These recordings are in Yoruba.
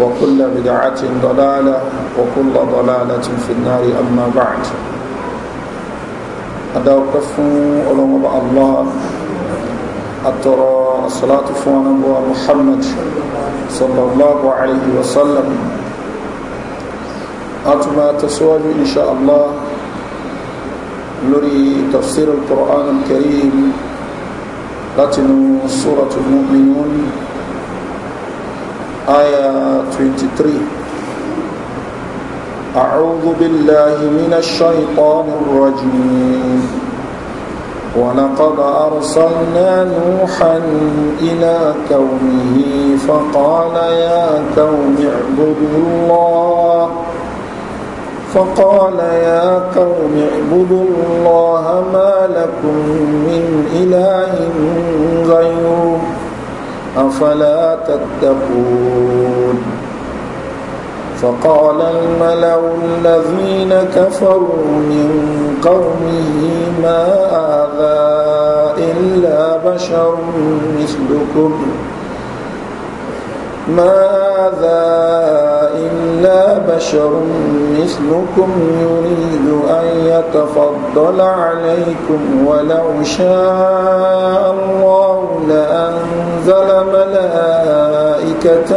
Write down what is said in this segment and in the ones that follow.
وكل بدعة ضلالة وكل ضلالة في النار أما بعد أدوقف علماء الله أترى الصلاة فوانا محمد صلى الله عليه وسلم أتما تسوال إن شاء الله لري تفسير القرآن الكريم لتنو سورة المؤمنون آية 23 أعوذ بالله من الشيطان الرجيم ولقد أرسلنا نوحا إلى كومه فقال يا كوم اعبدوا الله فقال يا كوم اعبدوا الله ما لكم من إله غيره أفلا تتقون فقال الملأ الذين كفروا من قومه ما هذا إلا بشر مثلكم ما هذا إلا بشر مثلكم يريد أن يتفضل عليكم ولو شاء الله لأنزل ملائكة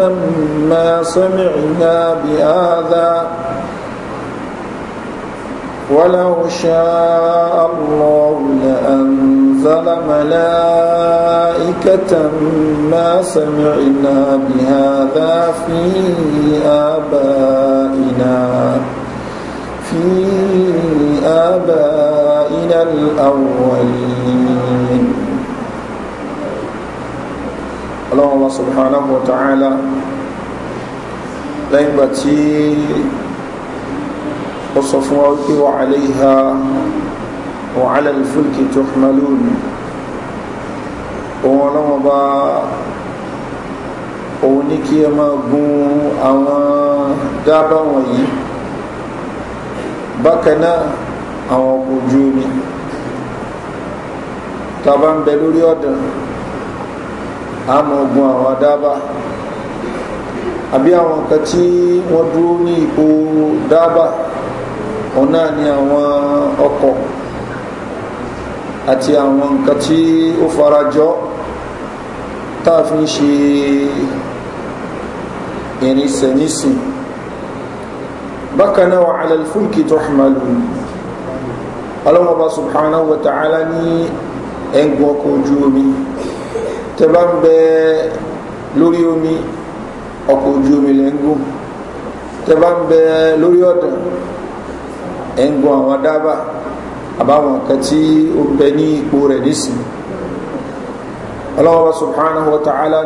ما سمعنا بهذا ولو شاء الله لأنزل ملائكة ما سمعنا بهذا في الأولين الله سبحانه وتعالى lẹ́yìn gbà tí ó sọ fún wa wípé wà aléha wà alẹ́lifúlkì tó hàmàlùn òun ọlọ́wọ́n bá òun ní kí ẹ máa gun àwọn dábà wọ̀nyí bákan náà àwọn ọkọ̀ ojú omi tàbá ń bẹ lórí ọ̀dàn àmọ́ ogun àwọn adába àbí àwọn kan tí wọ́n dúró ní ipò dábà òun náà ni àwọn ọkọ̀ àti àwọn nǹkan tí ó farajọ́ tá a fi ń ṣe irinṣẹ́ nísìn bákan náà wà alẹ́ fúlkì tó hàmàlù ọlọ́wọ́ bá subhanahu wa ta'ala ní ẹ̀ ń gun ọkọ̀ ojú omi tẹ́ bá ń bẹ lórí omi ọkọ̀ ojú omi lẹ́ ń gùn tẹ́ bá ń bẹ lórí ọ̀dàn ẹ̀ ń gun àwọn dábà àbáwọn nǹkan tí ó ń bẹ ní ipò rẹ̀ nísìnyí الله سبحانه وتعالى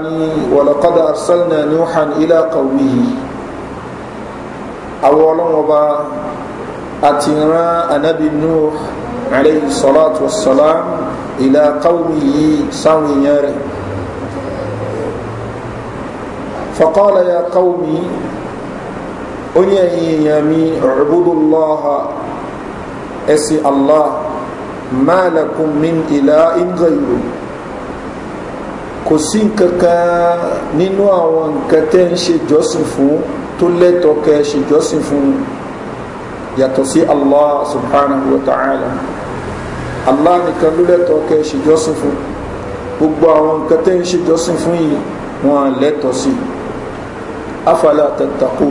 ولقد أرسلنا نوحا إلى قومه أولا وبا أتنا نبي نوح عليه الصلاة والسلام ìlà káwùmí yìí sáwọn èèyàn rẹ̀ fọ́kọ́lá ya káwùmí ó ní ẹ̀yìn èèyàn mi ọ̀rọ̀bùdùlọ́ha ẹ̀sìn allah máa lakum min ìlà ìgbà ìlú kò sí nkankan nínú àwọn nkan tẹ́ ń ṣe jọ́sìn fún tó lẹ́tọ̀ọ́ kẹ́ ṣe jọ́sìn allah subhanahu wa ta'ala allah nìkan ló lẹ́tọ̀ọ́ kẹ́ ẹ ṣèjọ́sìn fún gbogbo àwọn nǹkan tẹ́ ń ṣèjọ́sìn fún yìí wọn lẹ́tọ̀ọ́ sí afala tẹ̀tàkù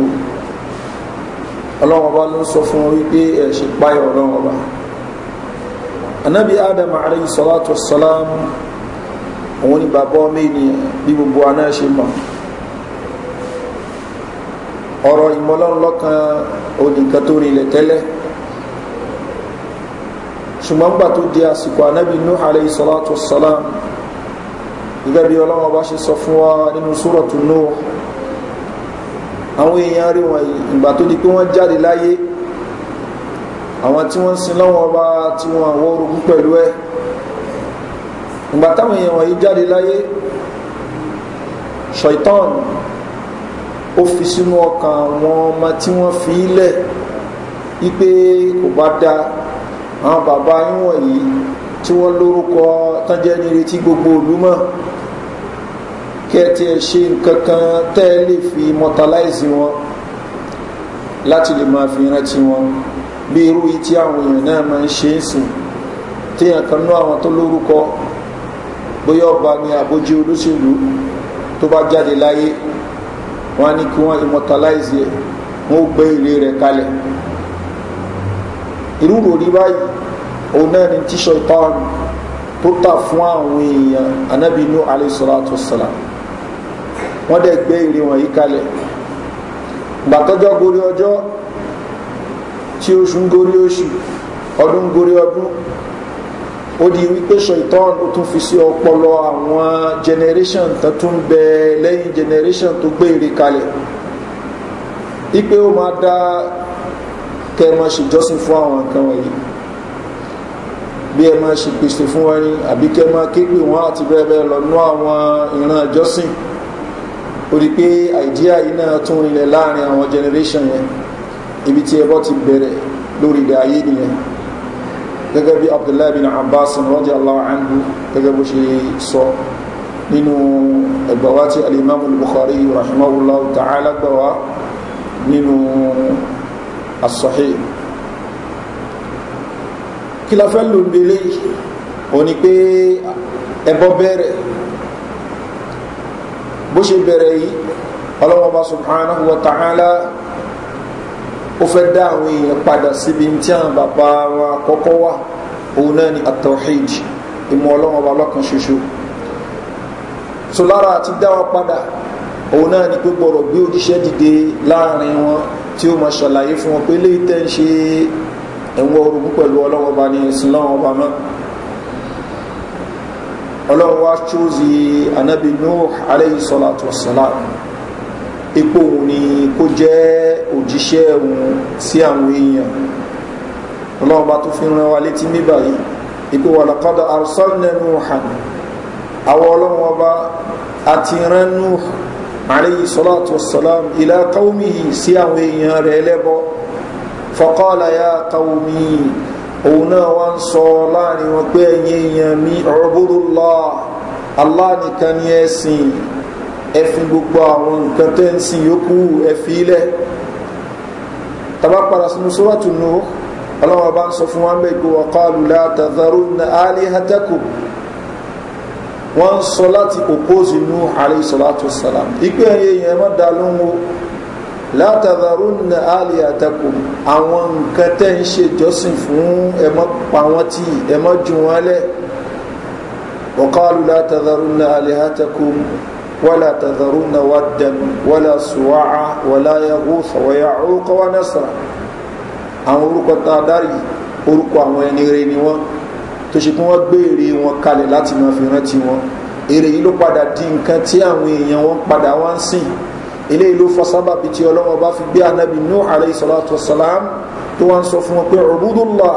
ọlọ́wọ́n bá ló ń sọ fún wípé ẹ̀ ṣe páyọ̀ ọlọ́wọ́n bá anabi adam alayhi salatu wasalam òun ni bàbá ọmọ ènìyàn bí gbogbo aná ṣe mọ̀ ọ̀rọ̀ ìmọ̀lọ́run onìkan tó rinlẹ̀ tẹ́lẹ̀ ṣùgbọ́n gbà tó di àsìkò anábì nuh alayhi salatu salam gẹ́gẹ́ bí ọlọ́wọ́ bá ṣe sọ fún wa nínú súrọ̀tù nuh àwọn èèyàn rí wọn ìgbà tó di pé wọ́n jáde láyé àwọn tí wọ́n ń sin lọ́wọ́ ọba tí wọ́n àwọ̀ pẹ̀lú ẹ̀ ìgbà táwọn èèyàn wọ̀nyí jáde láyé ṣọ̀ìtàn ó fi sínú ọkàn àwọn ọmọ tí wọ́n fi í lẹ̀ wípé kò bá dáa àwọn bàbá yín wọ̀nyí tí wọ́n lórúkọ tán jẹ́ nírí tí gbogbo òlú mọ̀ kẹ́ẹ̀tì ẹ̀ ṣe nǹkan kan tẹ́ ẹ lè fi mọ́tàláìsì wọn láti lè máa fi rántí wọn bí irú yìí tí àwọn èèyàn náà máa ń ṣe é sìn téèyàn kan ná àwọn tó lórúkọ bóyá ọba ní àbójú olóṣèlú tó bá jáde láyé wọn á ní kí wọn immortalize ẹ wọn ó gbé ilé rẹ kalẹ̀ ìrúrò rí báyìí òun náà ni tíṣọ ìtọ́ọ̀nù tó tà fún àwọn èèyàn anábìínú alayhisalatu wasalam wọ́n dẹ̀ gbé ìrìn wọ̀nyí kalẹ̀ gbàtọ́jọ́ gorí ọjọ́ tí oṣù ń gorí oṣù ọdún gorí ọdún ó di wípé ṣèitán ó tún fi sí ọpọlọ àwọn generation tó tún bẹ lẹ́yìn generation tó gbé ìrìn kalẹ̀ ipe ó máa da kẹ́ ẹ máa ṣèjọ́sìn fún àwọn nǹkan wọ̀nyí bí ẹ máa ṣe pèsè fún wọn ni àbí kẹ́ ẹ máa ké pè wọ́n àti bẹ́ẹ̀ bẹ́ẹ̀ lọ nú àwọn ìran ìjọ́sìn ó di pé àìdíà yìí náà tún rinlẹ̀ láàrin àwọn generation yẹn ibi tí ẹbọ ti bẹ̀rẹ̀ lórí ilẹ̀ ayé nìyẹn gẹ́gẹ́ bí abdullahi bin abbas rọ́dí aláwọ̀-ánhu gẹ́gẹ́ bó ṣe sọ nínú ẹgbàwá tí alimami bukhari rahimahullah ta'ala gbàwá nínú as-sahih kí la fẹ́ lò lélẹ́ yìí òun ni pé ẹbọ bẹ̀rẹ̀ bó ṣe bẹ̀rẹ̀ yìí ọlọ́wọ́ba subhanahu wa ta'ala ó fẹ́ dá àwọn èèyàn padà síbi tí àwọn bàbá wọn kọ́kọ́ wà òun náà ni at-tawhid ìmọ̀ ṣoṣo so lára àti dá wọn padà òun náà ni pé gbọ́dọ̀ gbé òjíṣẹ́ dìde láàrin wọn tí ó máa ṣàlàyé fún wọn pé lè tẹ́ ń ṣe ẹ̀wọ̀n orogún pẹ̀lú ọlọ́wọ́ bá ní ìsìn láwọn ọba mọ́ ọlọ́run wá ṣóòzì anábì nuh aleyhisalatu wasalam ipò òun ni kó jẹ́ òjíṣẹ́ òun sí àwọn èèyàn ọlọ́run bá tó fi ran wa létí ní báyìí ipò wà lọ́kọ́dọ̀ arsalnenu hàn àwọn ọlọ́run ọba àti ran nuh alayhi salatu wasalam ila qawmihi sí àwọn èèyàn rẹ̀ lẹ́bọ faqala ya qawmi òun náà wá ń sọ láàrin wọn pé ẹ̀yin èèyàn mi ubudullah Allah nìkan ni ẹ sìn ẹ fi gbogbo àwọn nǹkan tẹ́ ń sìn yókù ẹ fi ilẹ̀ tabapadà sínú sóràtún nù ọlọ́wọ́ bá ń sọ fún wa ń bẹ̀ gbọ́ waqalu la tadharunna alihatakum wọ́n ń sọ láti oppose inú aláìsọ̀látò sàlám ìpé ẹ̀yẹ yẹn mọ́ da lóhun o látàdàrú ní àlè àtàkù àwọn nǹkan tẹ́ ń ṣe jọ́sìn fún ẹmọ́ pa wọ́n tí ẹmọ́ jù wọ́n lẹ̀ ọ̀kọ́lù látàdàrú ní àlè àtàkù ولا تذرون ودا ولا سواعا ولا يغوث ويعوق ونسرا àwọn orúkọ tá a dárí orúkọ àwọn ẹni rẹ ni wọn tó ṣe pé wọ́n gbé èrè wọn kalẹ̀ láti máa fi rántí wọn èrè yìí ló padà di nǹkan tí àwọn èèyàn wọn padà wá ń sìn eléyìí ló fọ sábàbí tí ọlọ́wọ́ bá fi gbé anabi nuh alayhi salatu salam tó wá ń sọ fún wọn pé ọ̀bùdùlá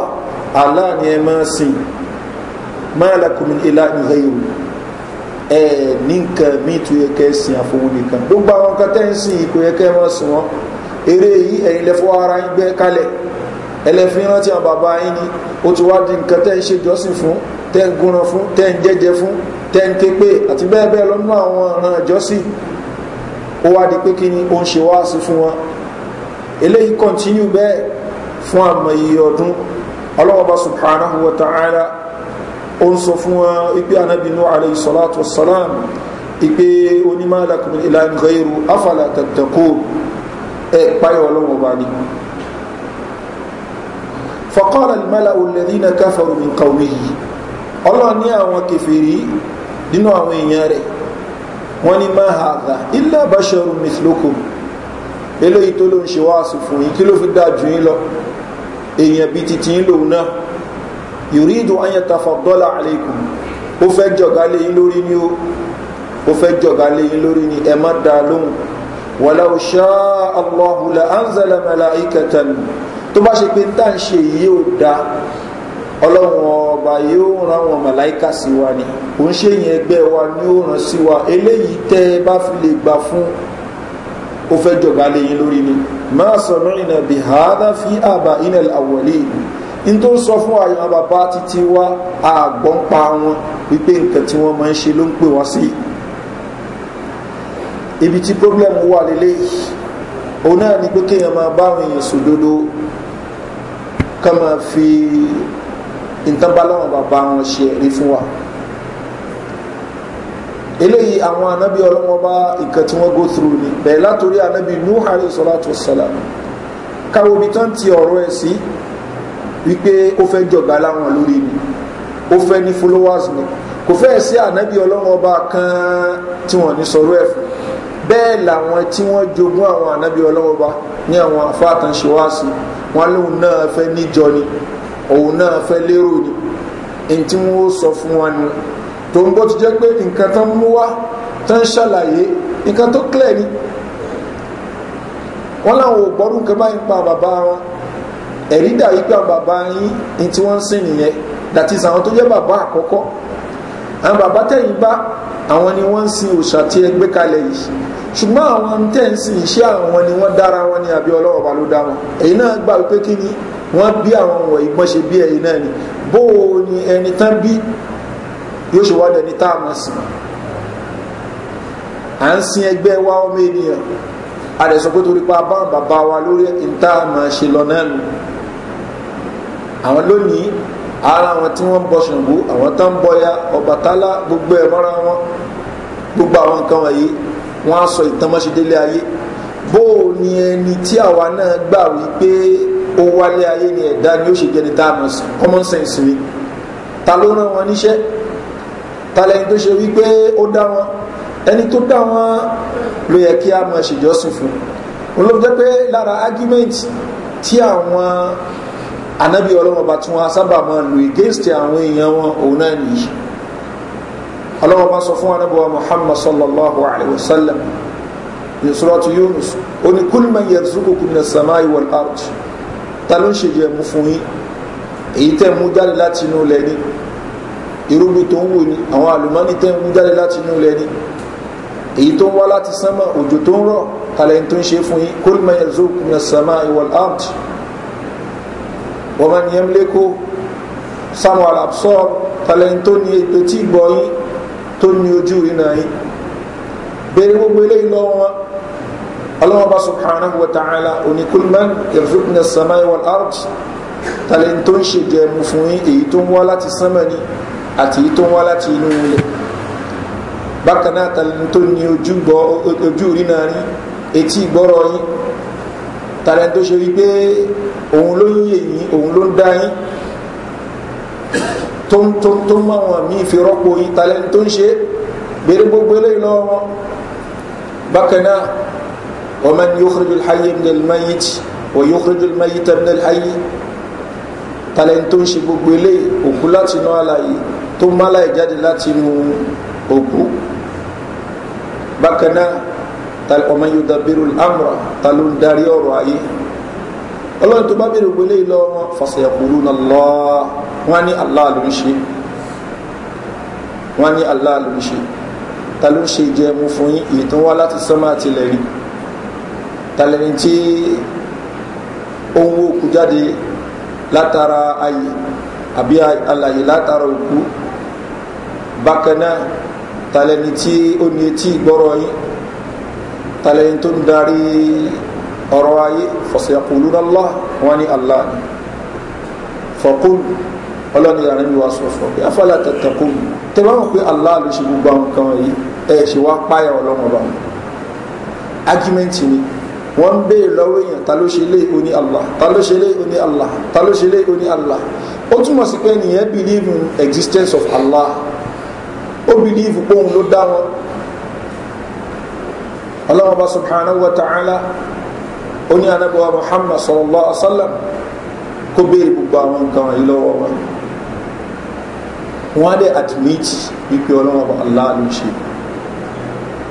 allah ni ẹ máa sìn máa lakumin ilá ìhẹ́yìí ẹ ní nǹkan míì tó yẹ kẹ́ sìn àfọwọ́ nìkan gbogbo àwọn kan tẹ́ ń sìn kò yẹ kẹ́ máa sìn wọn eré yìí ẹ̀yin lẹ́fọ́ ara ń gbẹ́ kalẹ̀ ẹlẹ́fin rántí àwọn bàbá yín ni ó ti wá di nǹkan tẹ́ ń ṣe jọ́sìn fún tẹ́ ń gúnran fún tẹ́ ń jẹ́jẹ fún tẹ́ ń ké pé àti bẹ́ẹ̀ bẹ́ẹ̀ lọ́nà àwọn ọ̀ràn ìjọ́sìn ó wá di pé kí ni ó ń ṣe wá sí fún wọn eléyìí kọ́ntínú bẹ́ẹ̀ fún àmọ̀ iye ọdún ọlọ́wọ́ba subhanahu wa ta'ala ó ń sọ fún wọn ipe anabinu alayhi salatu wa salam ipe onímọ̀ alakumin ìlànà ìgbẹ́rù afala tàbí tàkó ẹ̀ páyọ̀ ọlọ́wọ́ba ni fọkọ́rọ̀ ìmọ̀lá olèdínà káfàrù mi kàwé yìí ọlọ́run ní àwọn kẹfìrí nínú àwọn èèyàn rẹ̀ wọ́n ní máa ha àgbà ilé àbáṣọrù mìsìlókòm eléyìí tó ló ń ṣe wáàsù fún yín kí ló fi dáa jù yín lọ èèyàn bíi titi yín lòun náà yòrí ìdùn ayẹtafọ dọ́là àlékún ó fẹ́ jọ̀gá lé yín lórí ni ó ó fẹ́ jọ̀gá lé yín lórí ni ẹ má dáa lóhùn wàlá òṣà àlọ́hùlà anzala mẹ́la ìkẹtẹ̀lù tó bá ṣe pé tá à ń ṣe yìí ò da ọlọ́run ọba yóò ran àwọn màláìka sí wa ni kò ń ṣe yẹn ẹgbẹ́ wa ni ó ràn sí wa eléyìí tẹ́ ẹ bá fi lè gbà fún ó fẹ́ jọba léyìn lórí ni máa sọ̀rọ̀ ìrìnà bí hàádá fi àbà inel àwọ̀lé in tó ń sọ fún àyàn bàbá títí wá àgbọ̀n pa wọn wípé nǹkan tí wọ́n máa ń ṣe ló ń pè wọ́n sí ibi tí pọ́blẹ́mù wà lélẹ́yìí òun náà ni pé kéèyàn máa bá àwọn èèyàn sòdodo Kama máa fi nǹkan bá láwọn bàbá wọn ṣe rí fún wa eléyìí àwọn anábì ọlọ́wọ́n bá nǹkan tí wọ́n go through ni bẹ̀rẹ̀ látòrí anábì nuh alayhi salatu wassalam káwọn omi tán ti ọ̀rọ̀ ẹ̀ sí wípé ó fẹ́ jọ̀gá láwọn lórí ni ó fẹ́ ní followers ni kò fẹ́ sí ànábì ọlọ́wọ́n kan tí wọ́n ní sọ̀rọ̀ ẹ̀ fún bẹ́ẹ̀ làwọn tí wọ́n jogún àwọn ànábì ọlọ́wọ́n ní àwọn àfáàtàn ṣe wá sí wọn lóun náà fẹ́ níjọ ni òun náà fẹ́ lérò ni èyí tí wọ́n sọ fún wọn ni tó ń bọ́ ti jẹ́ pé nǹkan tán mú wá tán ṣàlàyé nǹkan tó clear ni wọ́n láwọn ò gbọ́rú nǹkan báyìí pa bàbá wọn ẹ̀rí dàbí pé bàbá yín ní wọ́n ń sìn nìyẹn dàtí sàwọn tó jẹ́ bàbá àkọ́kọ́ àwọn bàbá tẹ̀yìn bá àwọn ni wọ́n ń sin òòṣà tí ẹ gbé kalẹ̀ yìí ṣùgbọ́n àwọn tẹ̀ ń sin iṣẹ́ àwọn ni wọ́n dára wọn ni àbí ọlọ́wọ́ bá ló dá wọn èyí náà gbà wípé kí ni wọ́n bí àwọn wọ̀nyí bọ́n ṣe bí ẹ̀yìn náà ni bó o ni ẹni tán bí yóò ṣe wá dẹni tá a mọ̀ sí à ń sin ẹgbẹ́ wa ọmọ ènìyàn a pé torí pa bá bàbá wa lórí ìta máa ṣe lọ náà nù àwọn lónìí ara àwọn tí wọ́n bọ ṣàngó àwọn tán ń ọ̀bàtálá gbogbo ẹ̀ mọ́ra wọn gbogbo àwọn nǹkan wọ̀nyí wọ́n á sọ ìtànmọ́ṣedélé ayé bó o ní ẹni tí àwa náà gbà wípé ó wálé ayé ni ẹ̀dá ni ó ṣe jẹ́ni tá a mọ̀ sí common sense ni ta ló rán wọn níṣẹ́ ta lẹ́yìn tó ṣe wípé ó dá wọn ẹni tó dá wọn ló yẹ kí a mọ̀ ṣèjọ́sìn fún un ló jẹ́ pé lára argument tí àwọn anabi ọlọ́mọba tí wọ́n sábà máa lò against àwọn èèyàn wọn òun náà nìyí ọlọ́wọ́ bá sọ fún wa níbo wa muhammad sallallahu alayhi wa sallam yusuratu yunus ó ní kúlùmọ̀ yẹn zukú kùnà sàmá ìwọ̀n art ta ló ń ṣe jẹ mú fún yín èyí tẹ́ mú jáde láti inú ilẹ̀ ni irúgbìn tó ń wò ni àwọn àlùmọ́nì tẹ́ mú jáde láti inú ilẹ̀ ni èyí tó ń wá láti sánmà òjò tó ń rọ̀ kalẹ̀ tó ń ṣe fún yín kúlùmọ̀ yẹn zukú kùnà sàmá ìwọ̀n art wọ́n máa ní ẹ̀ ń lékò samuel absorb kalẹ̀ tó ní ètò tí tó ní ojú iná yìí bẹ̀rẹ̀ gbogbo eléyìí lọ́wọ́ wọn ọlọ́wọ́ bá subhanahu wa ta'ala oníkulman irzuqna samai wal ard tàlẹ́ tó ń ṣe jẹ̀mú fún yín èyí tó ń wá láti sánmọ̀ ni àti èyí tó ń wá láti inú ilẹ̀ bákan náà tàlẹ́ tó ní ojú iná yìí etí ìgbọ́rọ̀ yín tàlẹ́ tó ṣe wípé òun ló ń yè yín òun ló tó ń tó ń tó ń máwọn míì fi rọ́pò yìí talẹ́ni tó ń ṣe bèrè gbogbo eléyìí lọ́wọ́ wọn bákan náà wọ́n máa ń yóò xirijú lḥayé ní ẹlẹ́mẹ́yìí wọ́n yóò xirijú lẹ́mẹ́yìí tẹ̀ ní ẹlẹ́yìí talẹ́ni tó ń ṣe gbogbo eléyìí òkú láti jáde láti inú òkú bákan náà tali ọmọ yóò dabiru amra talo ń darí ọrọ̀ ayé tó bá bèrè gbogbo eléyìí lọ́wọ́ wọn fàṣẹ wọ́n ní allah ló ń ṣe wọ́n ní allah ló ń ṣe ta ló ń ṣe jẹ mu fún yín èyí tó wá láti sánmà tilẹ̀ rí talẹ́ni tí ohun òkú jáde látara ayé àbí alàyè látara òkú bákan náà talẹ́ni tí ó ní etí ìgbọ́rọ̀ yín talẹ́ni tó ń darí ọ̀rọ̀ ayé fọ̀sẹ̀kùlú náà lọ́wọ́ wọn ni allah ni ọlọ́ni ìlànà mi wá sọ fún ọ pé afọlá tẹ̀tẹ̀kùn tẹ̀ bá wọn pé allah ló ṣe gbogbo àwọn kan yìí ẹ̀ ṣe wá páyà ọlọ́wọ́n bá wọn argument ni wọ́n ń béèrè lọ́wọ́ èèyàn ta ló ṣe lé oní allah ta ló ṣe lé oní allah ta ló ṣe lé oní allah ó túmọ̀ sí pé nìyẹn believe in existence of allah ó believe pé òun ló dá wọn ọlọ́wọ́n bá subhanahu wa ta'ala oní anabiwa muhammad sallallahu alaihi wa sallam kó béèrè gbogbo àwọn nǹkan yìí lọ́wọ́ wọn wọ́n á dẹ̀ admit wípé ọlọ́run ọba allah ló ṣe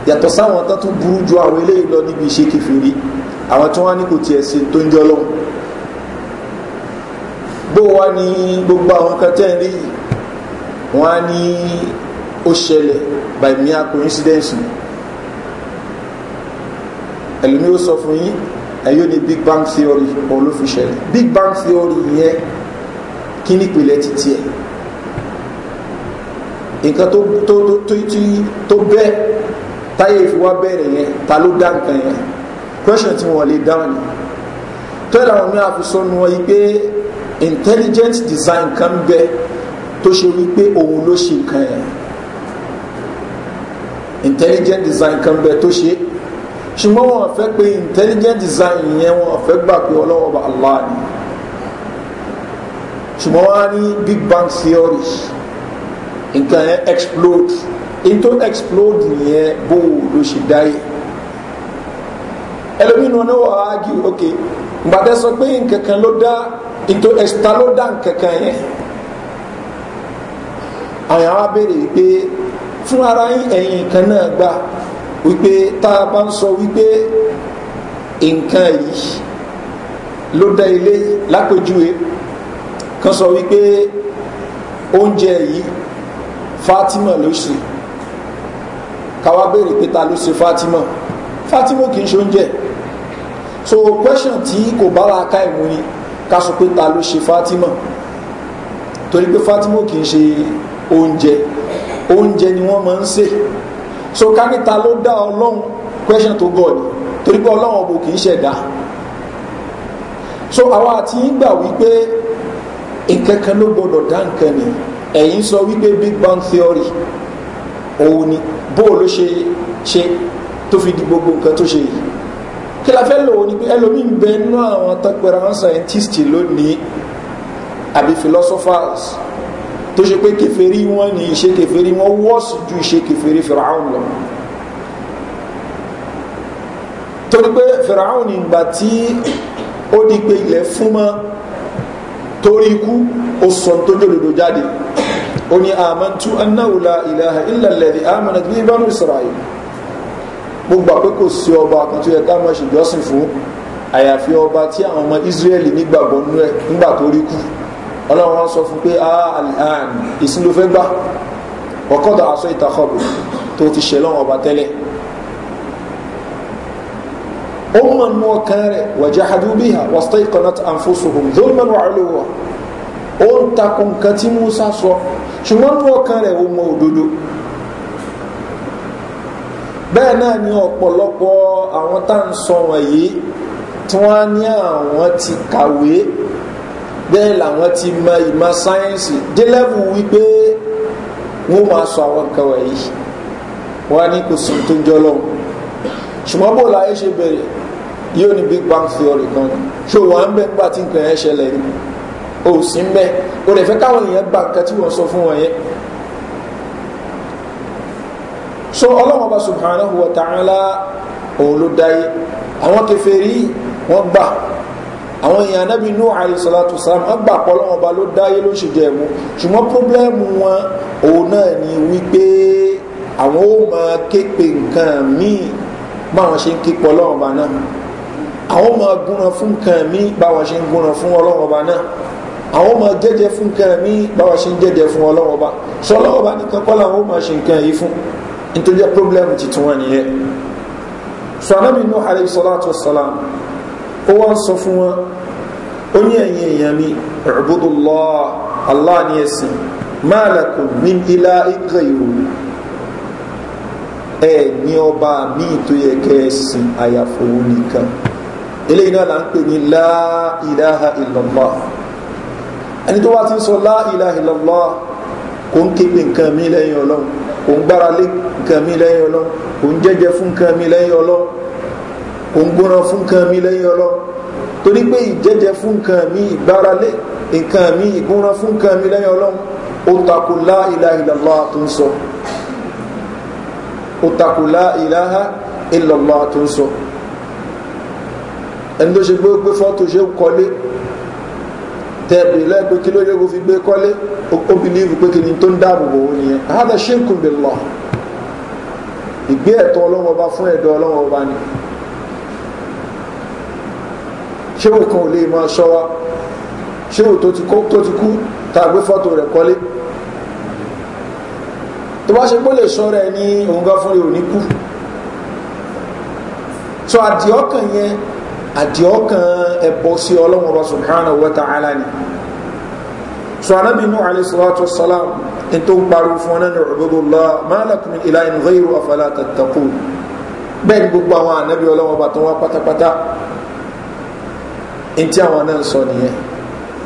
yàtọ̀ sáwọn tó tún burú ju àwọn eléyìí lọ níbi iṣẹ́ kẹfìrí àwọn tí wọ́n á ní kò tiẹ̀ sí tó ń jẹ́ ọlọ́run bó wá ní gbogbo àwọn kan tẹ́ ń rí wọ́n á ní ó ṣẹlẹ̀ by mere coincidence ẹlòmí ó sọ fún yín ẹ̀yọ́ ni big bang theory òun ló fi ṣẹlẹ̀ big bang theory yẹn kí nípìnlẹ̀ títí ẹ̀ nǹkan tó tó tó tí tó bẹ́ táyé fi wá bẹ̀rẹ̀ yẹn ta ló dá nǹkan yẹn question tí wọ́n lè dáhùn ni tó yẹ làwọn mìíràn fi sọnù wọn yìí pé intelligent design kan bẹ tó ṣe wípé òun ló ṣe nǹkan yẹn intelligent design kan bẹ tó ṣe ṣùgbọ́n wọn fẹ́ pé intelligent design yẹn wọn fẹ́ gbà pé ọlọ́wọ́ bá allah ni ṣùgbọ́n wọn á ní big bang theory nǹkan yẹn explode ètò explode yẹn bó ló ṣe dáyé ẹlòmínú ọ̀nà wà á gí òkè gbàdẹ́ sọ pé nkankan ló dá ètò ẹ̀sìta ló dá nkankan yẹn àwọn àwọn abèrè pé fún ara yín ẹ̀yìn kan náà gbà wípé tá a bá ń sọ wípé nkan yìí ló dá ilé lápèjúwe kan sọ wípé oúnjẹ yìí fatima ló ṣe káwa béèrè pé ta ló ṣe fatima fatima kì í ṣe oúnjẹ so question tí kò bára ká ìmú ni ká sọ pé ta ló ṣe fatima torí pé fatima kì í ṣe oúnjẹ oúnjẹ ni wọ́n máa ń ṣe so ká níta ló dá ọlọ́run question to god torí pé ọlọ́run ọ̀bọ̀ kì í ṣẹ̀dá so àwa àti yín gbà wípé nǹkan ló gbọdọ̀ dá nǹkan nìyí ẹ̀yin sọ wípé big bang theory òun ni bó ló ṣe ṣe tó fi di gbogbo nǹkan tó ṣe yìí kí la fẹ́ lò ó ni pé ẹlòmíín bẹ nínú àwọn tọpẹrẹ àwọn scientist lónìí àbí philosophers tó ṣe pé kẹfẹ́rí wọn ni ìṣe kẹfẹ́rí wọn wọ́ọ̀sì ju ìṣe kẹfẹ́rí fìràhùn lọ torí pé fìràhùn ìgbà tí ó di pé ilẹ̀ fún mọ́ torí ikú ó sọ tó jòdòdò jáde ó ní àmọ́ntú anáwòlá ìlàhà ìlàlẹ̀dì àmọ́nà bí i bánú israel gbogbo àpé kò sí ọba kan tó yẹ ká mọ̀ ṣèjọ́sìn fún àyàfi ọba tí àwọn ọmọ israel nígbàgbọ́ nú ẹ̀ nígbà tó rí kú ọlọ́run wá sọ fún pé àhàn ìsìn ló fẹ́ aṣọ ìtakọ̀bù tó ti ṣe lọ́wọ́ ọba tẹ́lẹ̀ ó mọ̀ nú ọkàn rẹ̀ wàjáhadú bíhà wàstáìkọ̀nàt àǹfóṣùhùn zolman wà ó ń takò nǹkan tí musa sọ ṣùgbọ́n ní ọkàn rẹ̀ ó mọ òdodo bẹ́ẹ̀ náà ni ọ̀pọ̀lọpọ̀ àwọn tá à ń sọ wọ̀nyí tí wọ́n á ní àwọn ti kàwé bẹ́ẹ̀ làwọn ti mọ ìmọ̀ sáyẹ́nsì délẹ́bù wípé wọ́n máa sọ àwọn nǹkan wọ̀nyí wọ́n á ní kò sùn tó ń jọ lọ́wọ́ ṣùgbọ́n bó láyé ṣe bẹ̀rẹ̀ yóò ní big bang theory kan ṣòwò à ń bẹ́ẹ̀ gbà tí nǹkan yẹn ṣẹlẹ̀ yìí o sì ń bẹ o lè fẹ́ káwọn èèyàn gba nǹkan tí wọ́n sọ fún wọn yẹn so ọlọ́wọ́n bá subhanahu wa ta'ala òun ló dáyé àwọn kẹfẹ́rí wọ́n gbà àwọn èèyàn anábì inú àìsàlátù sáàmù wọ́n gbà pọ̀ ọlọ́wọ́n bá ló dáyé ló ṣe jẹ ẹ̀mú ṣùgbọ́n pọ́blẹ́mù wọn òun náà ni wípé àwọn ó máa képe nǹkan míì báwọn ṣe ń képe ọlọ́wọ́n bá náà àwọn ó máa gúnran fún nǹkan míì báwọn ṣe ń gúnran fún ọlọ́wọ́n bá náà àwọn ọmọ jẹ́jẹ́ fún nǹkan mi báwa ṣe ń jẹ́jẹ́ fún ọlọ́wọ́ bá sọ ọlọ́wọ́ bá nìkan kọ́ làwọn ó máa ṣe nǹkan yìí fún nítorí jẹ́ pírọ́blẹ́mù tuntun wọn nìyẹn sọ anábì nù alayhi salatu wa salam ó wá ń sọ fún wọn ó ní ẹ̀yin èèyàn mi ọ̀bùdùlọ́ allah ni ẹ̀sìn máa ní ilá ìgbẹ́ ìròyìn ẹ ní ọba míì tó yẹ kẹ ẹ sin àyàfò nìkan eléyìí náà là ń pè ní láìláha ìlọlọ ẹni tó wá ti ń sọ láìláìlọ́lọ́ kò ń képe nǹkan mi lẹ́yìn ọlọ́run kò ń gbára lé nǹkan mi lẹ́yìn ọlọ́run kò ń jẹ́jẹ́ fún nǹkan mi lẹ́yìn ọlọ́run kò ń gbóná fún nǹkan mi lẹ́yìn ọlọ́run torí pé ìjẹ́jẹ́ fún nǹkan mi ìgbára lé nǹkan mi ìgbóná fún nǹkan mi lẹ́yìn ọlọ́run ó takò láìláìlọ́lọ́ tó ń sọ ó takò láìláìlọ́lọ́ tó ń sọ ẹni tó ṣe gbé fọ́tò ṣe kọ́lé tẹ́ẹ̀bì lẹ́ẹ̀pẹ́ kí ló yóò fi gbé kọ́lé ó bìlíìfù pé kí ni tó ń dáàbò bò ó nìyẹn àádọ́ ṣéǹkù bẹ̀ lọ ìgbé ẹ̀tọ́ ọlọ́wọ́ bá fún ẹ̀dọ́ ọlọ́wọ́ bá ní ṣéwò kan ò lè máa ṣọ́ wa ṣéwò tó ti kú tàgbé fọ́tò rẹ̀ kọ́lé tó bá ṣe pé lè ṣọ́ rẹ̀ ní òun gan fúnra òní kú so àdìọ́kàn yẹn àdìọ́kàn ẹbọ sí ọlọ́run ọba subhanahu wa ta'ala ni so anabi nu alayhi salatu wasalam in tó ń pariwo fún ọ̀nà ní ọ̀bọ̀dọ̀lá malakum ilá in ghayru afala tattaqu bẹ́ẹ̀ ni gbogbo àwọn anabi ọlọ́run ọba tó wá pátápátá in tí àwọn náà ń sọ nìyẹn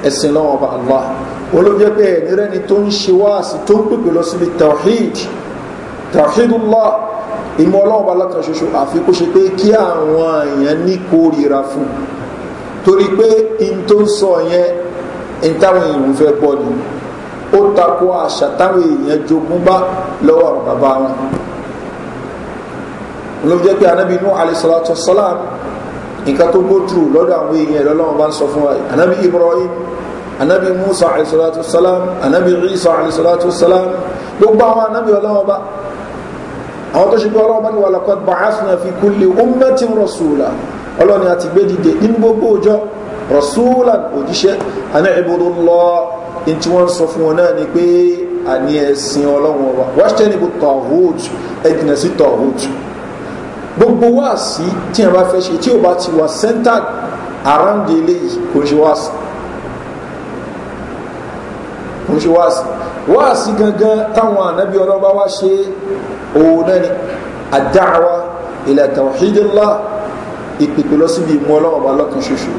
ẹ̀sìn lọ́wọ́ ọba allah olóòjẹ́ pé ẹ̀ní rẹ́ni tó ń ṣe wáàsí tó ń pèpè lọ síbi tawhid tawhidullah ìmọ̀ ọlọ́run ọba alákan ṣoṣo àfikún ṣe pé kí àwọn èèyàn ní kórìíra fún un torí pé in tó ń sọ yẹn in táwọn èèyàn fẹ́ gbọ́ ni ó takò àṣà táwọn èèyàn jogún bá lọ́wọ́ àwọn bàbá wọn ló jẹ́ pé anábì inú alayhisalatu salam nǹkan tó gbójú lọ́dọ̀ àwọn èèyàn lọ́lọ́wọ́ bá ń sọ fún wa anábì ibrahim anábì musa alayhisalatu salam anábì isa alayhisalatu salam gbogbo àwọn anábì ọlọ́wọ́ bá àwọn tó ṣe pé ọlọ́wọ́ bá ní wàlàkọ́ bàásùn àfikún lè ó mẹ́tì rọ̀ sùúlà ọlọ́ni àti gbé dìde ní gbogbo ọjọ́ rasulan òjíṣẹ́ àná ìbúdó lọ in tí wọ́n sọ fún wọn náà ni pé àní ẹ̀sìn ọlọ́wọ́n wa wáṣẹ́ ní kò tọ̀húd ẹ̀dìnà sí tọ̀húd gbogbo wá sí tí a bá fẹ́ ṣe tí ó bá ti wà centered around the eléyìí kò ṣe wá sí kò ṣe wá sí wá sí gangan táwọn ànábì ọlọ́ba wá ṣe òun náà ni àdáwà ilẹ̀ tàwọn ìpèpè lọ síbi ìmú ọlọ́wọ́ bá ṣoṣo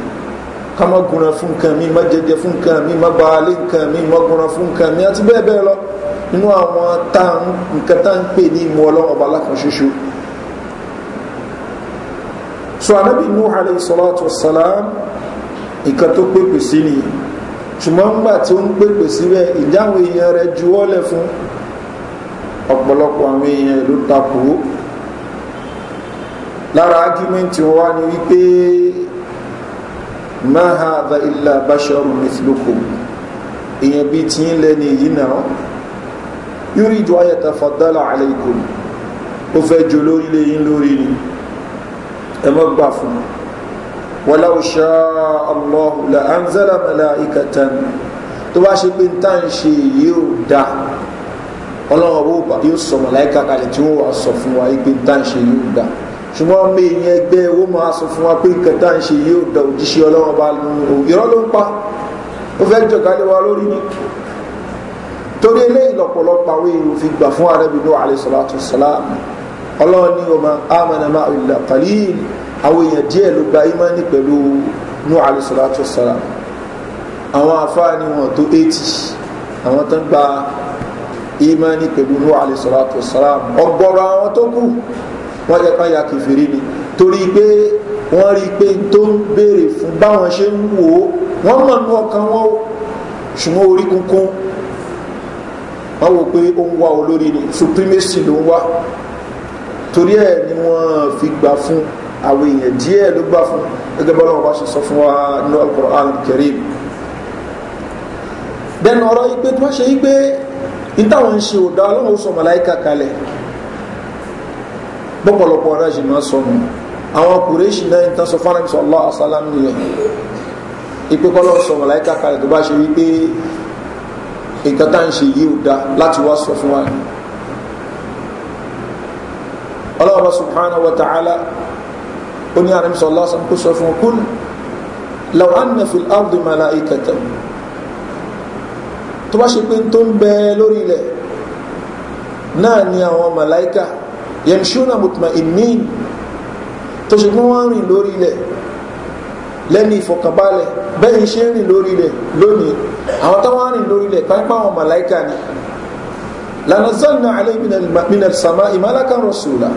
ká má gunra fún nǹkan mi má jẹjẹ fún nǹkan mi má gba nǹkan mi má gunra fún nǹkan mi àti bẹ́ẹ̀ bẹ́ẹ̀ lọ nínú àwọn nǹkan tá ń pè ní ìmú ọlọ́wọ́ bá lọ́kan ṣoṣo so anabi nuh alayhi salatu wasalam nǹkan tó pèpè sí ni ṣùgbọ́n ńgbà tí ó ń pèpè síbẹ̀ ìjáwé èèyàn rẹ̀ juwọ́lẹ̀ fún ọ̀pọ̀lọpọ̀ àwọn èèyàn ìlú takò lára ágímẹ́ntì wọn wá ní wípé ma hadha illa basharun mithlukum èèyàn bíi tí ń lẹ́ni yìí náà yuridu ayatafaddala alaykum ó fẹ́ jò lórí lẹ́yìn lórí ni ẹ mọ́ gbà fún un walau shaa Allahu la anzala malaikatan tó wọ́n wà sọ ṣùgbọ́n ọmọ èèyàn ẹgbẹ́ owó máa sọ fún wa pé nǹkan tá à ń ṣe yóò da òjíṣẹ́ ọlọ́run bá lu ìrọ́ ló ń pa ó fẹ́ jọ̀gálẹ̀ wa lórí ni torí eléyìí lọ̀pọ̀lọpọ̀ àwọn èrò fi gbà fún arábìnrin àlẹ́sọ̀láàtú sàlámù ọlọ́run ní ọmọ amẹ́nàmá ìlà kàlíìlì àwọn èèyàn díẹ̀ ló gba imani pẹ̀lú nù àlẹ́sọ̀láàtú sàlámù àwọn afáà ni wọn tó 80 àwọn tó ń gba imani pẹ̀lú nù àlẹ́sọ̀láàtú sàlámù ọgbọ̀rọ̀ àwọn tó kù wọ́n jẹ́ páyà kẹfìrí ni torí pé wọ́n rí i pé tó ń béèrè fún báwọn ṣe ń wò ó wọ́n mọ̀ ní ọkàn wọn ṣùgbọ́n orí kunkun wọ́n wò pé ó ń wá olórí ni supremacy ló ń wá torí ẹ̀ ni wọ́n fi gbà fún àwọn èèyàn díẹ̀ ló gbà fún gẹ́gẹ́ bọ́lá wọn bá ṣe sọ fún wa ní alukur'an kẹrìm bẹ́ẹ̀ ni ọ̀rọ̀ yìí pé tí wọ́n ṣe yí pé ní táwọn ń ṣe ò dá ọlọ́run ó sọ mọ̀láìkà kalẹ̀ pọ́pọ̀lọpọ̀ náà ṣe máa sọnù àwọn kùrẹ́ṣì náà ń tán sọ fún àrẹ́mísọ̀ allah asálám nìyẹn ìpè kọ́lọ́ sọ màláìka kalẹ̀ tó bá ṣe wípé nǹkan tá à ń ṣe yìí ò da láti wá sọ fún wa ni ọlọ́wọ́ subhanahu wa ta'ala ó ní àrẹ́mísọ̀ allah asálám kó sọ fún kún lọ́wọ́ àná fi áwùdí màláìka tó bá ṣe pé tó ń bẹ lórí ilẹ̀ náà ni àwọn màláìka yẹmṣúnà mutmainin tó ṣe kí wọ́n rìn lórí ilẹ̀ lẹ́ni ìfọ̀kànbalẹ̀ bẹ́ẹ̀ ṣe ń rìn lórí ilẹ̀ lónìí àwọn tó wọ́n rìn lórí ilẹ̀ pápá àwọn màláìka ni lanazalna alayhi min al-sama'i malakan rasula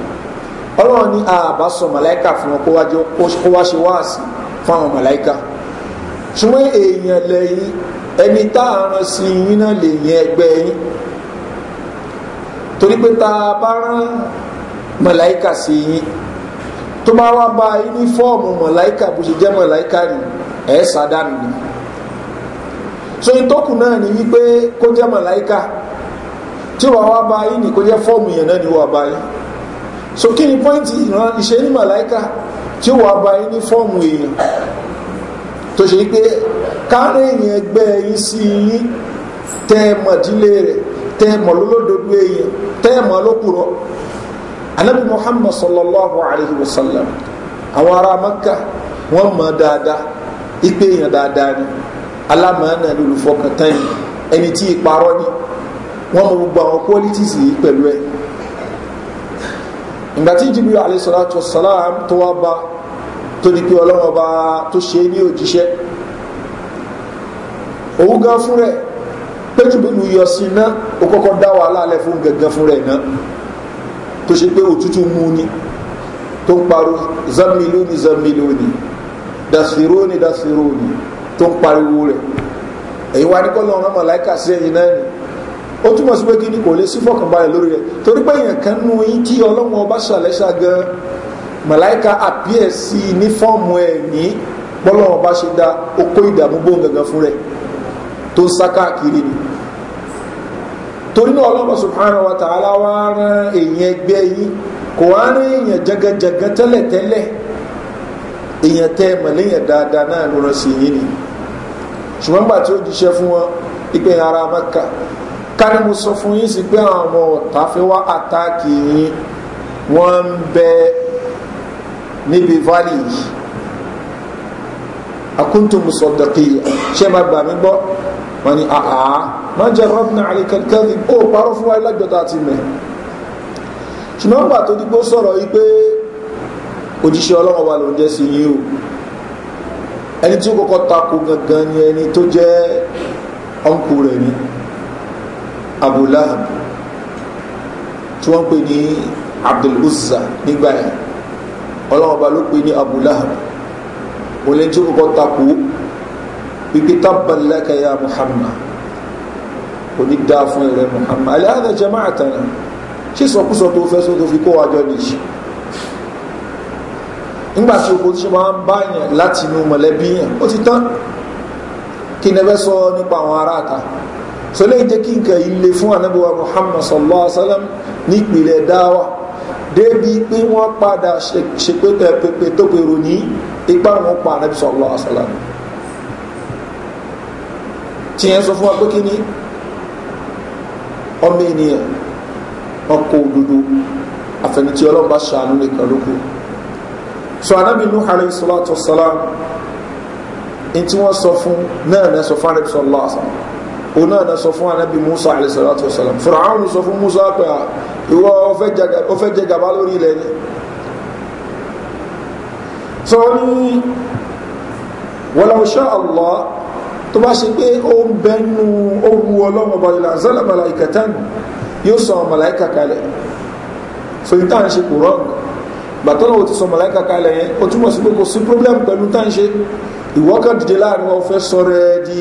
ọlọ́run ní àbá sọ màláìka fún wọn kó wá ṣe wáàsí fún àwọn màláìka ṣùgbọ́n èèyàn lẹ́yìn ẹni tá a rán sí yín náà lè yẹn ẹgbẹ́ yín torí pé tá a bá rán màláìkà sí yín tó bá wá bá yúnífọ́ọ̀mù màláìkà bó ṣe jẹ́ màláìkà rí ẹ̀ sàdánù ni so ìtọ́kù náà ni wípé kó jẹ́ màláìkà tí wàá wá bá yín ni kó jẹ́ fọ́ọ̀mù yẹn náà ni wàá bá yín so kí ni pọ́ìntì ìran ìṣe ní màláìkà tí wàá bá yín ní fọ́ọ̀mù èèyàn tó ṣe pé káàrin èèyàn ẹgbẹ́ yín sí yín tẹ́ mọ̀ dílé rẹ̀ tẹ́ mọ̀ lólódodo èèyàn tẹ́ mọ̀ lókùrọ̀ anabi muhammad sallallahu alayhi wa sallam àwọn ará maka wọn mọ dáadáa ipe èèyàn dáadáa ni alámàánà ni olùfọkàntán ni ẹni tí ìparọ́ ni wọn mọ gbogbo àwọn qualities yìí pẹ̀lú ẹ ìgbà tí jibril alayhi salatu wa salam tó wá bá tó ní pé ọlọ́wọ́n bá tó ṣe ní òjíṣẹ́ òun gan fún rẹ̀ pé jibril yọ sí iná ó kọ́kọ́ dá wàhálà alẹ́ fún gẹ̀gẹ́ fún rẹ̀ náà tó ṣe pé òtútù mú ni tó ń pariwo zamiloni zamiloni dasironi dasironi tó ń pariwo rẹ̀ èyí wá ní kọ́lọ́ ọ̀rọ̀ mọ̀láìkà sí ẹ̀yìn náà ni ó túmọ̀ sí pé kí ni kò lè sí fọkànbalẹ̀ lórí rẹ̀ torí pé èèyàn kan nú yín tí ọlọ́wọ́n ọba ṣàlẹ́ṣà gan mọ̀láìkà àpíẹ̀ sí ní fọ́ọ̀mù ẹ̀ ní bọ́lọ́wọ́n ọba ṣe dá okó ìdààmú gbóǹgangan fún rẹ̀ tó ń sá káàkiri ni torí náà ọlọ́run subhanahu wa ta'ala wá rán èyàn ẹgbẹ́ yìí kò wá rán èyàn jẹgẹjẹgẹ tẹ́lẹ̀tẹ́lẹ̀ èyàn tẹ́ mọ̀lẹ́yìn dáadáa náà ló rán sí yìí ni ṣùgbọ́n gbà tí ó jíṣẹ́ fún wọn ìpè ara mẹ́ka ká mo sọ fún yín sí pé àwọn ọmọ ọ̀tá fi wá àtáàkì yín wọ́n ń bẹ níbi valley yìí akuntu musaddiqi ṣé máa gbà mí gbọ́ wọ́n ni àá ah, ah, ma jẹ́ rọ́bìnà àríkẹ́kẹ́rì ó parọ́ fún wáyé lágbẹ̀ta àti mẹ́ ṣùgbọ́n gbà tó dípò sọ̀rọ̀ yí pé òjíṣẹ́ ọlọ́run wa ló ń jẹ́ sí yí o ẹni tí ó kọ́kọ́ tako gangan ni ẹni tó jẹ́ ọ̀nkù rẹ̀ ni abúláàbù tí wọ́n pè ní abdulhuzza nígbà yẹn ọlọ́run ọba ló pè ní abúláàbù olè tí ó kọ́kọ́ tako ìpítà balaka ya muhammad kò ní dáa fún ẹ̀rẹ́ muhammad aláàdá jama'a tana ṣe sọkúsọ tó fẹ́ sọ tó fi kó wájọ́ nìyí nígbà tí opposition máa ń báyàn láti inú mọ̀lẹ́bí yàn ó ti tán kí ní ẹbẹ́ sọ nípa àwọn aráàta so lè jẹ́ kí nǹkan ilé fún anábíwá muhammad sallallahu alaihi wasallam ní ìpìlẹ̀ dáwà débi pé wọ́n padà ṣèpẹ́pẹ́ tó pèrò ní ipá wọn pa anábí sallallahu alaihi wasallam tí yẹn sọ fún wa pé kí ni ọmọ ènìyàn ọkọ̀ òdodo àfẹnití ọlọ́ba ṣàánú nìkan lóko so anabi nuh alayhi salatu wasalam in tí wọ́n sọ fún náà náà sọ fún anabi sallallahu alayhi wasalam o náà náà sọ fún anabi musa alayhi salatu wasalam fúràánù sọ fún musa pé ah, ìwọ ọfẹ́ jẹ gàba lórí ilẹ̀ ni so ní wọ́n allah tó bá ṣe pé ó ń bẹnu ohun ọlọ́run ọba ìlà zala malaika tán yóò sọ àwọn malaika kalẹ̀ so ní táà ń ṣe kò rọ́ọ̀nù bàtọ́nà ò ti sọ malaika kalẹ̀ yẹn ó túmọ̀ sí pé kò sí problem pẹ̀lú táà ń ṣe ìwọ́kàn dìde láàrin wọn fẹ́ sọ̀rọ̀ ẹ di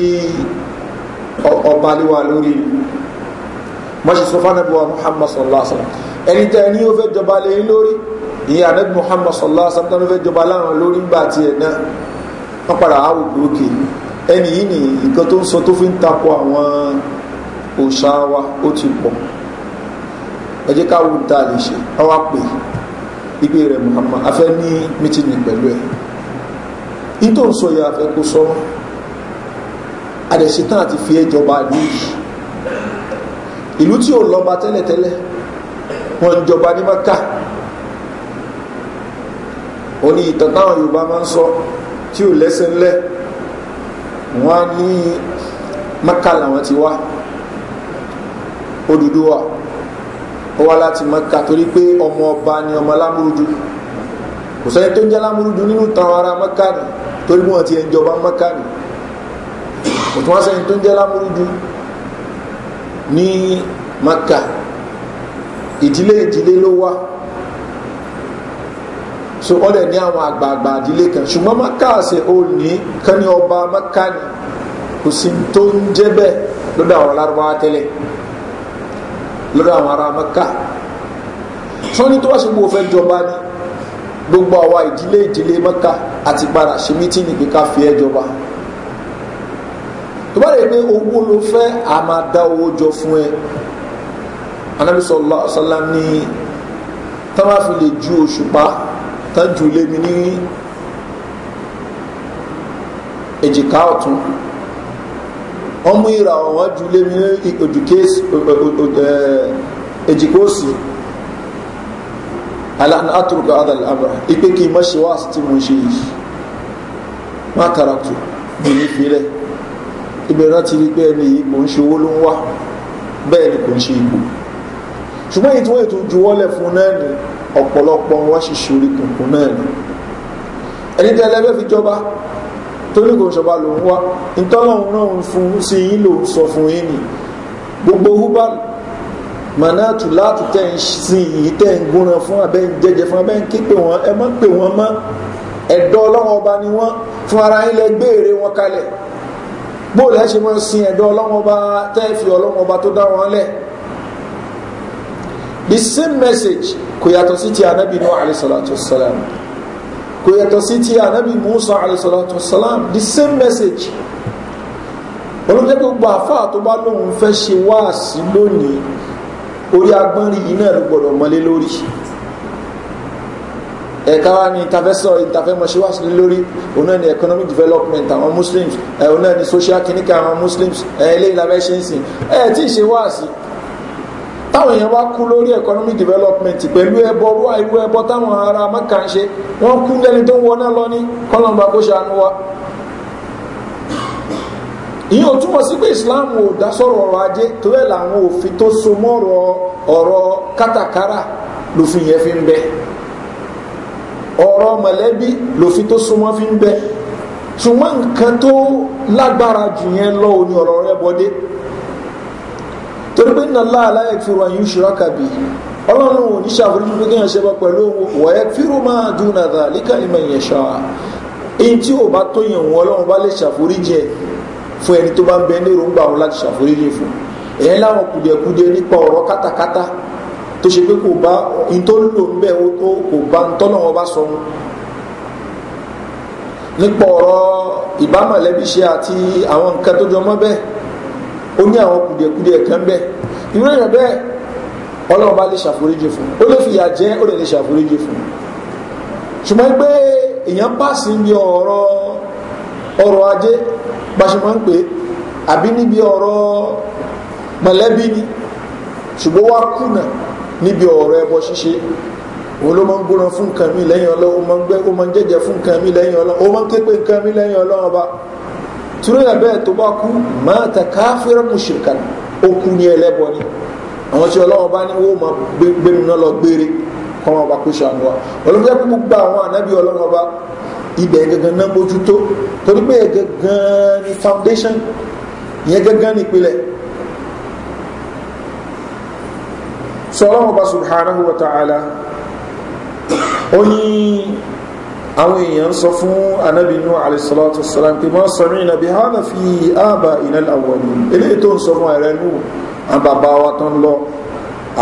ọba lé wa lórí mọ́ṣẹ́ sọ fún muhammad sallallahu alaihi wa sallam ẹni tẹ́ ẹni yóò fẹ́ jọba lé lórí ìyẹn anabi muhammad sallallahu alaihi wa sallam tẹ́ ló fẹ́ jọba láwọn lórí gbà tiẹ̀ náà wọ́n padà áwò gbòógè ẹni yìí ni nǹkan tó ń sọ tó fi ń takọ àwọn òṣà wa ó ti pọ̀ ẹ jẹ́ káwọn tá a lè ṣe àwa pè igbe rẹ̀ muhammad afẹ́ ní mítìnì pẹ̀lú ẹ̀ yìí tó ń sọ yẹ afẹ́ kó sọ adẹ̀sítàn àti fi ẹjọba ìlú ìlú tí ò lọ́ba tẹ́lẹ̀tẹ́lẹ̀ wọ́n jọba ní maka òní ìtàn táwọn yorùbá máa ń sọ tí ò lẹ́sẹ̀ ńlẹ́ wọ́n ní mẹ́kà làwọn ti wá òdùdó wa ó wá láti mẹ́kà torí pé ọmọ ọba ni ọmọ lámúrúdú kò sẹ́yìn tó ń jẹ́ lámúrúdú nínú tàwọn ará mẹ́kà ni torí wọ́n ti ẹ̀ ń jọba mẹ́kà ni kò tún wá sẹ́yìn tó ń jẹ́ lámúrúdú ní mẹ́kà ìdílé ìdílé ló wá so wọ́n dẹ̀ ní àwọn àgbààgbà àdílé kan ṣùgbọ́n maka àṣẹ òní kan ní ọba maka ni kò sí tó ń jẹ́ bẹ́ẹ̀ lọ́dọ̀ àwọn alárúbáwá tẹ́lẹ̀ lọ́dọ̀ àwọn ará maka tí wọ́n ní tó wá ṣe gbogbo fẹ́ jọba ni gbogbo àwa ìdílé ìdílé maka àti padà ṣe mítí nìgbè fi ẹ́ jọba tó bá rẹ̀ pé owó ló fẹ́ a máa dá owó jọ fún ẹ anábìsọ̀ ọ̀la ọ̀sán ní tá bá fi lè ju òṣùpá tán jù lé mi ní èjìká ọ̀tún wọ́n mú ìràwọ̀ wọ́n jù lé mi ní èjìká òsì aláàánú àtúrùkọ adàlẹ̀ àbúrà ipé kí mọ́ ṣe wá sí tí mo ṣe yìí má kàràtù mi ní ìfilẹ̀ ìbẹ̀rẹ̀ láti rí pé ẹni yìí kò ń ṣe owó ló ń wá bẹ́ẹ̀ ni kò ń ṣe ipò ṣùgbọ́n èyí ètò juwọ́lẹ̀ fún náà nìyí ọ̀pọ̀lọpọ̀ wọn sì ṣorí kùnkùn náà ni ẹni tẹ́ ẹlẹ́fẹ́ fi jọba torí kò ṣọba lòun wá ìtọ́lọ́run náà ń fún sí yín lòun sọ fún yín ni gbogbo húbàlù manatu láti tẹ́ ń sin yìí tẹ́ ń gúnran fún abẹ́ ń jẹjẹ fún abẹ́ ń kípe wọn ẹ mọ́ pè wọ́n mọ́ ẹ̀dọ́ ọlọ́wọ́n ọba ni wọ́n fún ara yín lẹ gbére wọn kalẹ̀ bóòlù ẹ ṣe mọ́ sin ẹ̀dọ́ ọlọ́wọ́n ọba tẹ́ fi ọlọ́wọ́n ọba tó dá wọn lẹ̀ the same message kò yàtọ̀ sí ti anabi nuh alayhi salatu wasalam kò yàtọ̀ sí ti anabi musa alayhi salatu wasalam the same message olùdókè gbogbo àfáà tó bá lóun fẹ́ ṣe wáàsí lónìí orí agbọ́nrin yìí náà ló gbọ́dọ̀ mọ́lé lórí ẹ̀ka wa ni intervention intervention wa sí lórí òun náà ni economic development àwọn muslims òun náà ni social clinic àwọn muslims ẹ̀ ilé ìlàbẹ́ ṣe ń sìn ẹ̀ tí ì ṣe wáàsí táwọn èèyàn wá kú lórí economic development pẹ̀lú ẹbọ wá irú ẹbọ táwọn ará mẹ́ka ń ṣe wọ́n kú lẹ́ni tó ń wọná lọ ní kọ́lọ́mbà kó wa ìyẹn ò túmọ̀ sí pé islam ò dá sọ̀rọ̀ ọrọ̀ ajé tó ẹ̀ làwọn òfin tó so mọ́rọ̀ ọ̀rọ̀ kátàkárà lòfin yẹn fi ń bẹ ọ̀rọ̀ mọ̀lẹ́bí lòfin fi ń bẹ ṣùgbọ́n nǹkan tó lágbára jù torí pé nà láà láyé fi wà yín ṣùrọ̀ kàbí ọlọ́run ò ní ṣàforíjì pé kéèyàn ṣe bá pẹ̀lú òun wọ̀yẹ́ fíró máa dùn nàdà líka ìmọ̀ ìyẹn ṣá èyí tí ò bá tó yẹn wọn ọlọ́run bá lè ṣàforíjì ẹ̀ fún ẹni tó bá ń bẹ ní èròǹgbà òun láti ṣàforíjì fún èyí láwọn kùdìẹ̀kudẹ nípa ọ̀rọ̀ kátakátá tó ṣe pé kò bá in lò ń bẹ́ kò bá ń tọ́nà wọn bá sọ mu nípa ọ̀rọ̀ ìbámọ̀lẹ́bí àti àwọn nǹkan tó jọ mọ́ bẹ́ẹ̀ ó ní àwọn kùdìẹ̀kùdìẹ̀ kan bẹ́ẹ̀ irú èèyàn bẹ́ẹ̀ ọlọ́run bá lè ṣàforíjì fún ó lè fìyà jẹ́ ó lè lè ṣàforíjì fún ṣùgbọ́n pé èèyàn pàṣẹ ní ọ̀rọ̀ ọrọ̀ ajé báṣemọ́ ń pè àbí níbi ọ̀rọ̀ mọ̀lẹ́bí ni ṣùgbọ́n wá kùnà níbi ọ̀rọ̀ ẹbọ ṣíṣe òun ló máa ń gbóná fún nǹkan mi lẹ́yìn ọlọ́run ó máa ń jẹ́jẹ́ fún nǹkan mi lẹ́yìn ọlọ́run ó máa ń ké turu yà bẹ́ẹ̀ tó bá kú mọ́ta káfíra mushrikan ó kú ní ẹlẹ́bọ ni àwọn tí ọlọ́wọ́ bá ní wọ́n máa gbé mi náà lọ gbére kọ́ máa bá kó ṣàánú wa olùkọ́ kúkú gba àwọn ànábì ọlọ́wọ́ bá ibẹ̀ gangan náà mójútó torí pé gangan ni foundation ìyẹn gangan ni ìpìlẹ̀ sọ bá subhanahu wa ta'ala ó ní àwọn èèyàn sọ fún anábìnú alìsọ́lọ́tọ̀ sọ́lám pé mọ́ sọ rìn nàbí hánà fi ààbà iná àwọn eléyìí tó ń sọ fún ààrẹ nù àbàbà wa tán lọ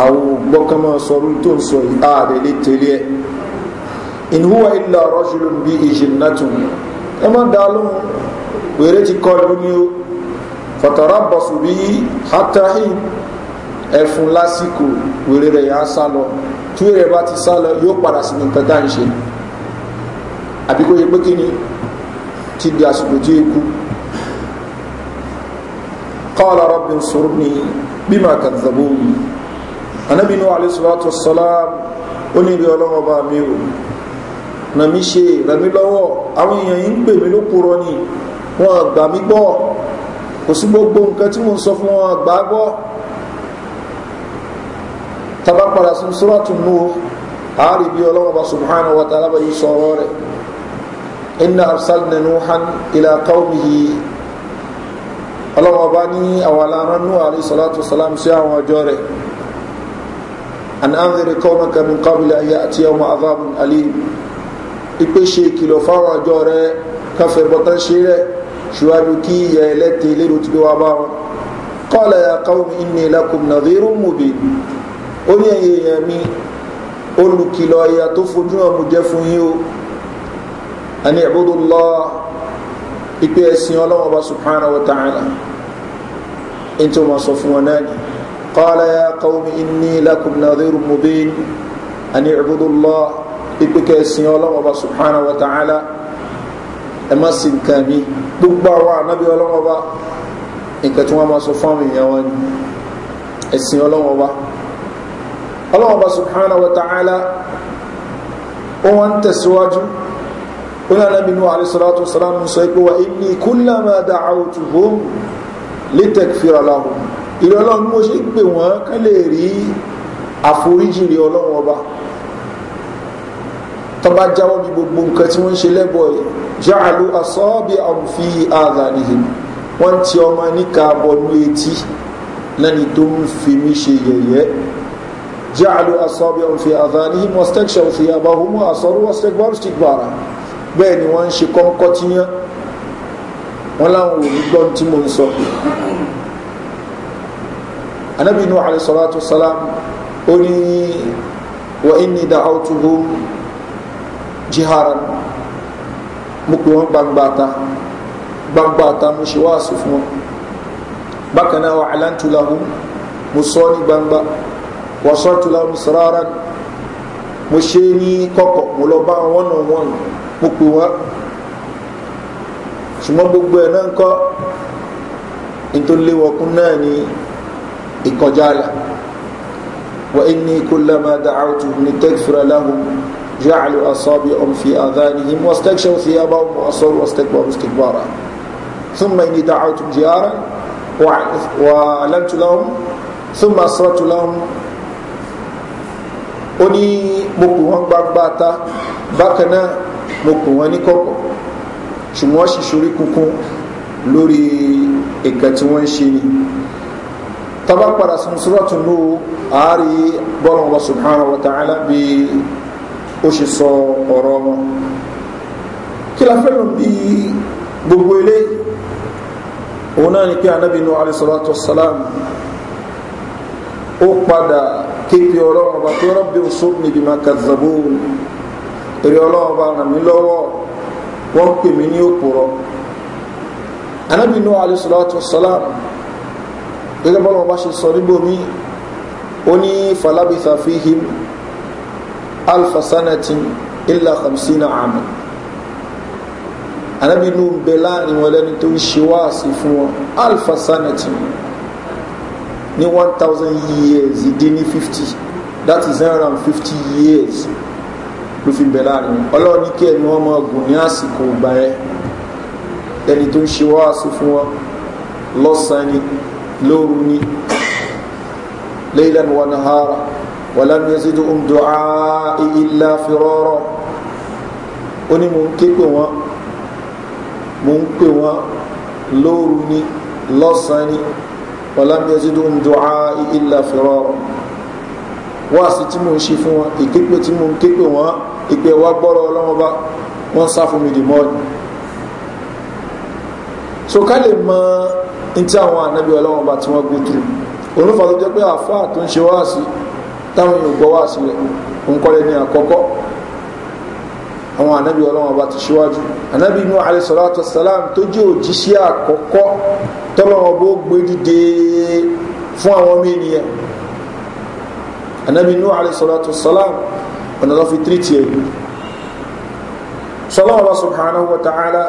àwọn gbọ́kànmọ́ sọrú tó ń sọ ààrẹ lè tẹ̀lé ẹ̀ ìnúwà ilẹ̀ rọ́ṣùlùm bí ìjìnnàtùn ẹ àbí kó yẹ pé kí ni ti di àsìkò tí ikú qala rabbi nsurni bima kadhabun anabi nuhu alayhi salatu wassalam ó ní ibi ọlọ́wọ́ bá mi o na mi ṣe rẹmi lọ́wọ́ àwọn èèyàn yìí ń pè mí ló kúrọ ni wọn àgbà mí gbọ́ kò sí gbogbo nǹkan tí mo sọ fún wọn àgbà gbọ́ tabapadà sí suratu nuhu àárí bí ọlọ́wọ́ bá subhanahu wa ta'ala bá yìí sọ rẹ̀ inna arsalna nuhan ila qawmihi ọlọ́wọ́ bá ní àwọn aláran nuhu alayhi salatu salam sí àwọn ọjọ́ rẹ̀ an anzere qawmaka min qabli an ya'tiyahum adhabun alim ipe ṣe ìkìlọ̀ fáwọn ọjọ́ rẹ̀ káfẹ́ bọ́tán ṣe rẹ̀ ṣíwájú kí ìyà ẹlẹ́tẹ̀ lérò tí wá bá wọn kọ́lẹ̀ àkọ́wọ̀n inú ìlàkùn nàdírù mùbí ó ní ẹ̀yẹ̀ mi olùkìlọ̀ ẹ̀yà tó fojú hàn mú jẹ́ fún o ani ibudulọ ipe ẹsìn ọlọ́wọ́n bá subhanahu wa ta'ala in tí o ma sọ fún wọn náà ni qala ya qawmi inni lakum nadhiru mubin ani ibudulọ ipe kẹsìn ọlọ́wọ́n bá subhanahu wa ta'ala ẹ má sin kàmi gbogbo àwọn anabi ọlọ́wọ́n bá nǹkan tí wọ́n ma sọ fún àwọn èèyàn wọn ni ẹsìn ọlọ́wọ́n bá ọlọ́wọ́n bá subhanahu wa ta'ala ó tẹ̀síwájú. قلنا نبي نوح عليه الصلاة والسلام سيقول وإني كلما دعوتهم لتكفر لهم إلى الله مو شيء بوان كاليري àforíjì rí ọlọ́run ọba tọba jáwọ́ bí gbogbo nǹkan tí wọ́n ń ṣe lẹ́bọ̀ jáàlú asọ́ọ́bì àmfi àdánihìn wọ́n ti ọmọ níka bọnú etí lẹ́ni tó ń fi mí ṣe yẹ̀yẹ́ jáàlú asọ́ọ́bì àmfi àdánihìn wọ́n stẹ́kṣọ̀ sí abáhùnmọ́ àsọ́rú wọ́n stẹ́kbárù stigbára bẹ́ẹ̀ ni wọ́n ń ṣe kọ́ńkọ́ tíyán wọ́n láwọn ò ní gbọ́n tí mo ń sọ anabi nuhu alayhi salatu salam ó ní wa inni da'awtuhum jiharan mo pè wọ́n gbangbata gbangbata mo ṣe wáàsí fún wọn bákan náà wa alantu lahum mo sọ ní gbangba wa sọ tu lahum mo ṣe ní kọ́kọ́ mo lọ bá wọn náà wọn náà mo pè wọ́n ṣùgbọ́n gbogbo ẹ̀ náà ń kọ́ nítorí léwọkún náà ni ìkọjá àlà wa inni kullama da'awtu ni takfira lahum ja'alu asabi'ahum fi adhanihim wastakshaw thiyabahum wa asaru wastakbaru istikbara thumma wọ́n gbagba ta bákan mo pè wọ́n ní kọ̀kọ̀ ṣùgbọ́n sì ṣorí kunkun lórí ìkà tí wọ́n ń ṣe ni tọ́ba padà sun sọ́rọ́tù nù àárí bọ́lá wọn subhanahu wa ta'ala bí ó ṣe sọ ọ̀rọ̀ wọn kí la fẹ́ lò bí gbogbo eléyìí òun náà ni pé anábì nù alẹ́sọ̀rọ̀tọ̀ sàlám ó padà képe ọlọ́run ọba tó rọ́bì òṣòwò níbi máa kàzàbó èrè ọlọ́run bá ràn mí lọ́wọ́ wọ́n pè mí ní òpòrọ anábìnú alẹ́sọ̀láàtù sọ́lám gẹ́gẹ́ bọ́lá ọba ṣe sọ níbò mí ó ní falabitha fihim alfasanatin illa hamsina amin anábìnú bẹ láàrin wọn lẹ́ni tó ń ṣe wá sí fún wọn alfasanatin ní 1000 years dín ní 50 that is hundred fifty years ló fi bẹ̀ láàrin ọlọ́run ní kí ẹni wọn mọ ọgùn ní àsìkò ìgbà yẹn ẹni tó ń ṣe wáàsù fún wọn lọ́sàn-án ni lóru ni leylan wa nahara wàlámi ẹsẹ̀ tó ń dùn á ilá fi rọ́rọ́ ó ní mò ń ké pè wọ́n mò ń pè wọ́n lóru ni lọ́sàn-án ni wàlámi ẹsẹ̀ tó ń dùn á ilá fi rọ́rọ́ wáàsí tí mò ń ṣe fún wọn ìképe tí mò ń képe wọn ìpè wá gbọ́rọ̀ ọlọ́wọ́n bá wọ́n sá fún mi dì mọ́ọ̀dù so ká lè mọ ntí àwọn ànábi ọlọ́wọ́n bá tí wọ́n gbé turu òun fà tó jẹ́ pé àfáà tó ń ṣe wáàsí táwọn èèyàn gbọ́ wáàsí rẹ̀ òǹkọ́lẹ̀ ní àkọ́kọ́ àwọn ànábi ọlọ́wọ́n ti ṣíwájú ànábi inú alẹ́sọ̀láàtọ̀ sàlám tó jẹ́ òjíṣẹ́ àkọ́kọ́ tọ́lọ́wọ́n bó gbé dìde fún àwọn ọmọ ènìyàn anabi nuhu alayhisalatu salam ọ̀nà lọ fi tírìtì ẹ̀ sọlọ́wọ́ bá subhanahu wa ta'ala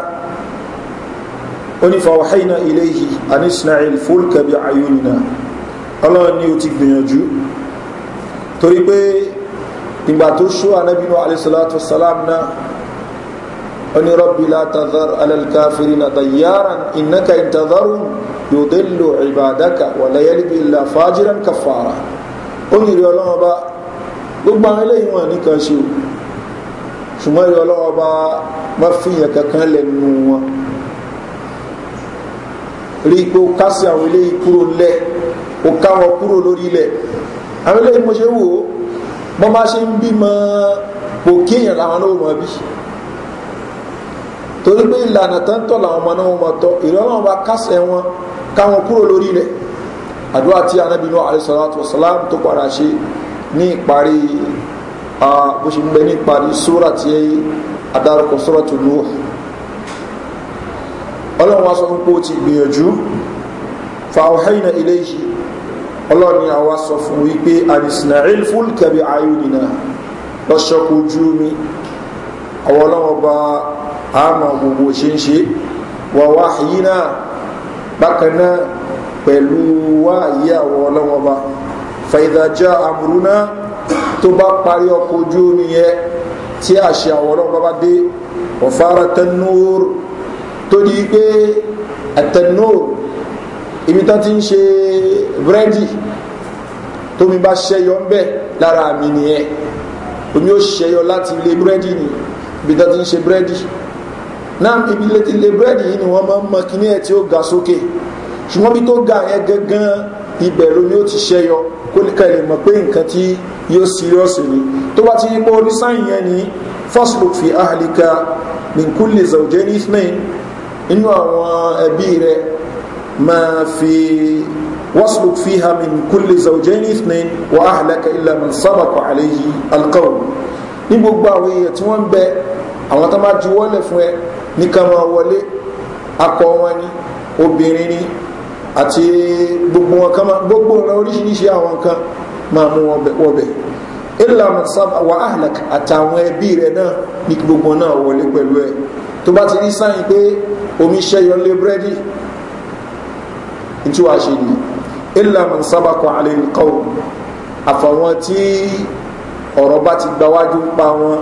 onífà wàhálà iléyìí anisnail fúlkàbí ayúnina ọlọ́run ni ó ti gbìyànjú torí pé ìgbà tó ṣó anabi nuhu alayhisalatu salam náà oni rabbi la tadhar ala alkafirina dayyaran innaka intadharhum yudillu ibadaka wa la yalbi illa fajiran kaffara ó ní ìrẹ́ ọlọ́wọ́ bá gbogbo àwọn eléyìí wọn nìkan ṣe o ṣùgbọ́n ìrẹ́ ọlọ́wọ́ bá má fìyàn kankan lẹ́nu wọn rí i pé ó ká sí àwọn eléyìí kúrò lẹ̀ ó ká wọn kúrò lórí ilẹ̀ àwọn eléyìí mo ṣe wò ó bọ́ bá ṣe ń bímọ kò kéèyàn làwọn náà mọ̀ bí torí pé ìlànà tó tọ̀ làwọn ọmọ náà mọ̀ tọ́ ìrẹ́ ọlọ́wọ́ bá kásẹ̀ wọn káwọn kúrò lórí ilẹ̀ àdúrà tí anábìnú àrísọ̀rọ̀ wasalam tó padà ṣe ní ìparí bó ṣe ń bẹ ní ìparí sóra tí adarúkọ sóra tó lù ọlọ́run wá sọ fún pé ó ti gbìyànjú fàáhẹ́yìnà ilé yìí ọlọ́run ni àwa sọ fún wípé anisnail fúlkẹ̀bí ayúnina lọ́ṣọ́kù ojú mi àwọn ọlọ́run ọba àmà pẹ̀lú wáyé àwọn ọlọ́wọ́n bá fàìdájá àmúrúná tó bá parí ọkọ̀ ojú omi yẹ tí àṣẹ àwọn ọlọ́wọ́n bá dé ọ̀fára tẹnúr tó di pé ẹ̀tẹnúr ibi tán ti ń ṣe búrẹ́dì tómi bá ṣẹyọ ń bẹ̀ lára mi nìyẹn omi ó ṣẹyọ láti ilé búrẹ́dì ni ibi tán ti ń ṣe búrẹ́dì náà ibi ilé búrẹ́dì yìí ni wọ́n máa ń mọ kíní ẹ̀ tí ó ga sókè ṣùgbọ́n bí tó ga yẹn gangan ibẹ̀ lómi ó ti ṣẹyọ kó lè kẹlẹ̀ mọ̀ pé nǹkan tí yóò síríọ́sì ni tó bá ti ní pé oníṣàyìn yẹn ni fasluk fi ahlika min kulli zawjaini ithnain inú àwọn ẹbí rẹ máa fi wasluk fiha min kulli zawjaini ithnain wa ahlaka illa man sabaqa alayhi alqawl ní gbogbo àwọn èèyàn tí wọ́n ń bẹ àwọn tó máa juwọ́lẹ̀ fún ẹ ní ká wọlé akọ wọn ni obìnrin ni àti gbogbo wọn kan gbogbo ọ̀nà oríṣiríṣi àwọn kan máa mú wọbẹ̀ ilà mọ̀sáfà wà áhàlàk àtàwọn ẹbí rẹ̀ náà ní gbogbo náà wọlé pẹ̀lú ẹ̀ tó bá ti rí sáyìn pé omi ṣẹyọ lé búrẹ́dì ìtú àṣẹ ni ilà mọ̀sáfà kọ àlè nìkan àfàwọn tí ọ̀rọ̀ bá ti gbáwájú pa wọn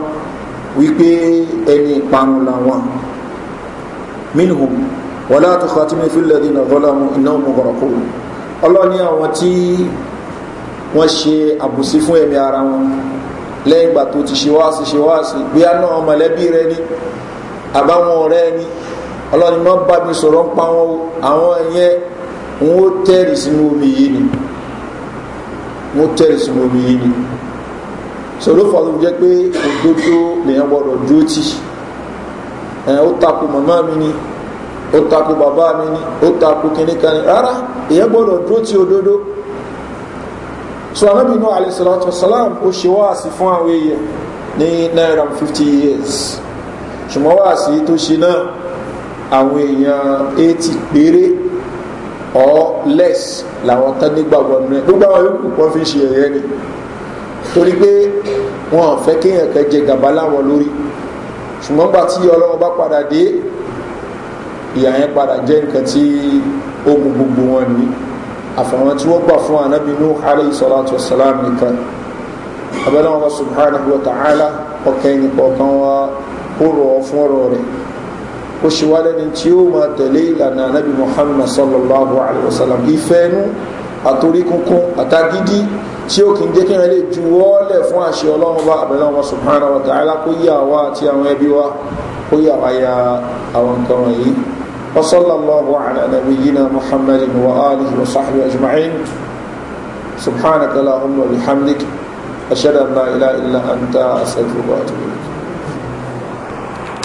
wípé ẹni ìparun làwọn minhum wala tukhatimi fil ladina zalamu innahum mughraqun ọlọ́ni àwọn tí wọ́n ṣe àbùsí fún ẹ̀mí ara wọn lẹ́yìn ìgbà tó ti ṣe wáàsí ṣe wáàsí bí a náà mọ̀lẹ́bí rẹ ní àbáwọn ọ̀rẹ́ ní ọlọ́ni má bá mi sọ̀rọ̀ ń pa wọn àwọn ẹ̀yẹn wọn ó tẹ̀rì sínú omi yìí ni wọn ó tẹ̀rì sínú omi yìí ni sọ̀rọ̀ fọlọ́ jẹ́ pé òdodo lèèyàn gbọ́dọ̀ dúró tì ẹ̀ ó takò màmá mi ni ó takú bàbá mi ni ó takú kíní kan ni rárá èyàn gbọ́dọ̀ dúró tí òdodo so anábì náà alẹ́sọ̀lọ́tọ̀ salam ó ṣe wáàsí fún àwọn èèyàn ní náírà 50 years ṣùgbọ́n wáàsí tó ṣe náà àwọn èèyàn 80 péré or less làwọn tán nígbàgbọ́ nínú ẹ̀ gbogbo àwọn yòókù wọ́n fi ṣe ẹ̀yẹ́ ni torí pé wọn ò fẹ́ kéèyàn kan jẹ gàbá láwọn lórí ṣùgbọ́n gbà tí ọlọ́wọ́ bá padà dé ìyà yẹn padà jẹ́ nǹkan tí ó mú gbogbo wọn ní àfàwọn tí wọ́n gbà fún anabi nuh alayhi salatu wa salam nìkan abẹ́lẹ́ wọn bá subhanahu wa ta'ala ọ̀kẹ́ nípa ọ̀kan wa ó rọ̀ ọ́ fún ọ̀rọ̀ rẹ̀ ó ṣe wá lẹ́ni tí ó máa tẹ̀lé ìlànà anabi muhammad sallallahu alayhi wa salam ìfẹ́nu àtòrí kunkun àtagídí tí ó kì í jẹ́ kí wọ́n lè ju wọ́ọ́lẹ̀ fún àṣẹ ọlọ́run bá abẹ́lẹ́ wọn subhanahu wa ta'ala kó yí àwa àti àwọn ẹbí wa kó yí àwa ya àwọn nǹkan wọ̀nyí وصلى الله على نبينا محمد وآله وصحبه أجمعين سبحانك اللهم وبحمدك أشهد أن لا إله إلا أنت أستغفرك وأتوب إليك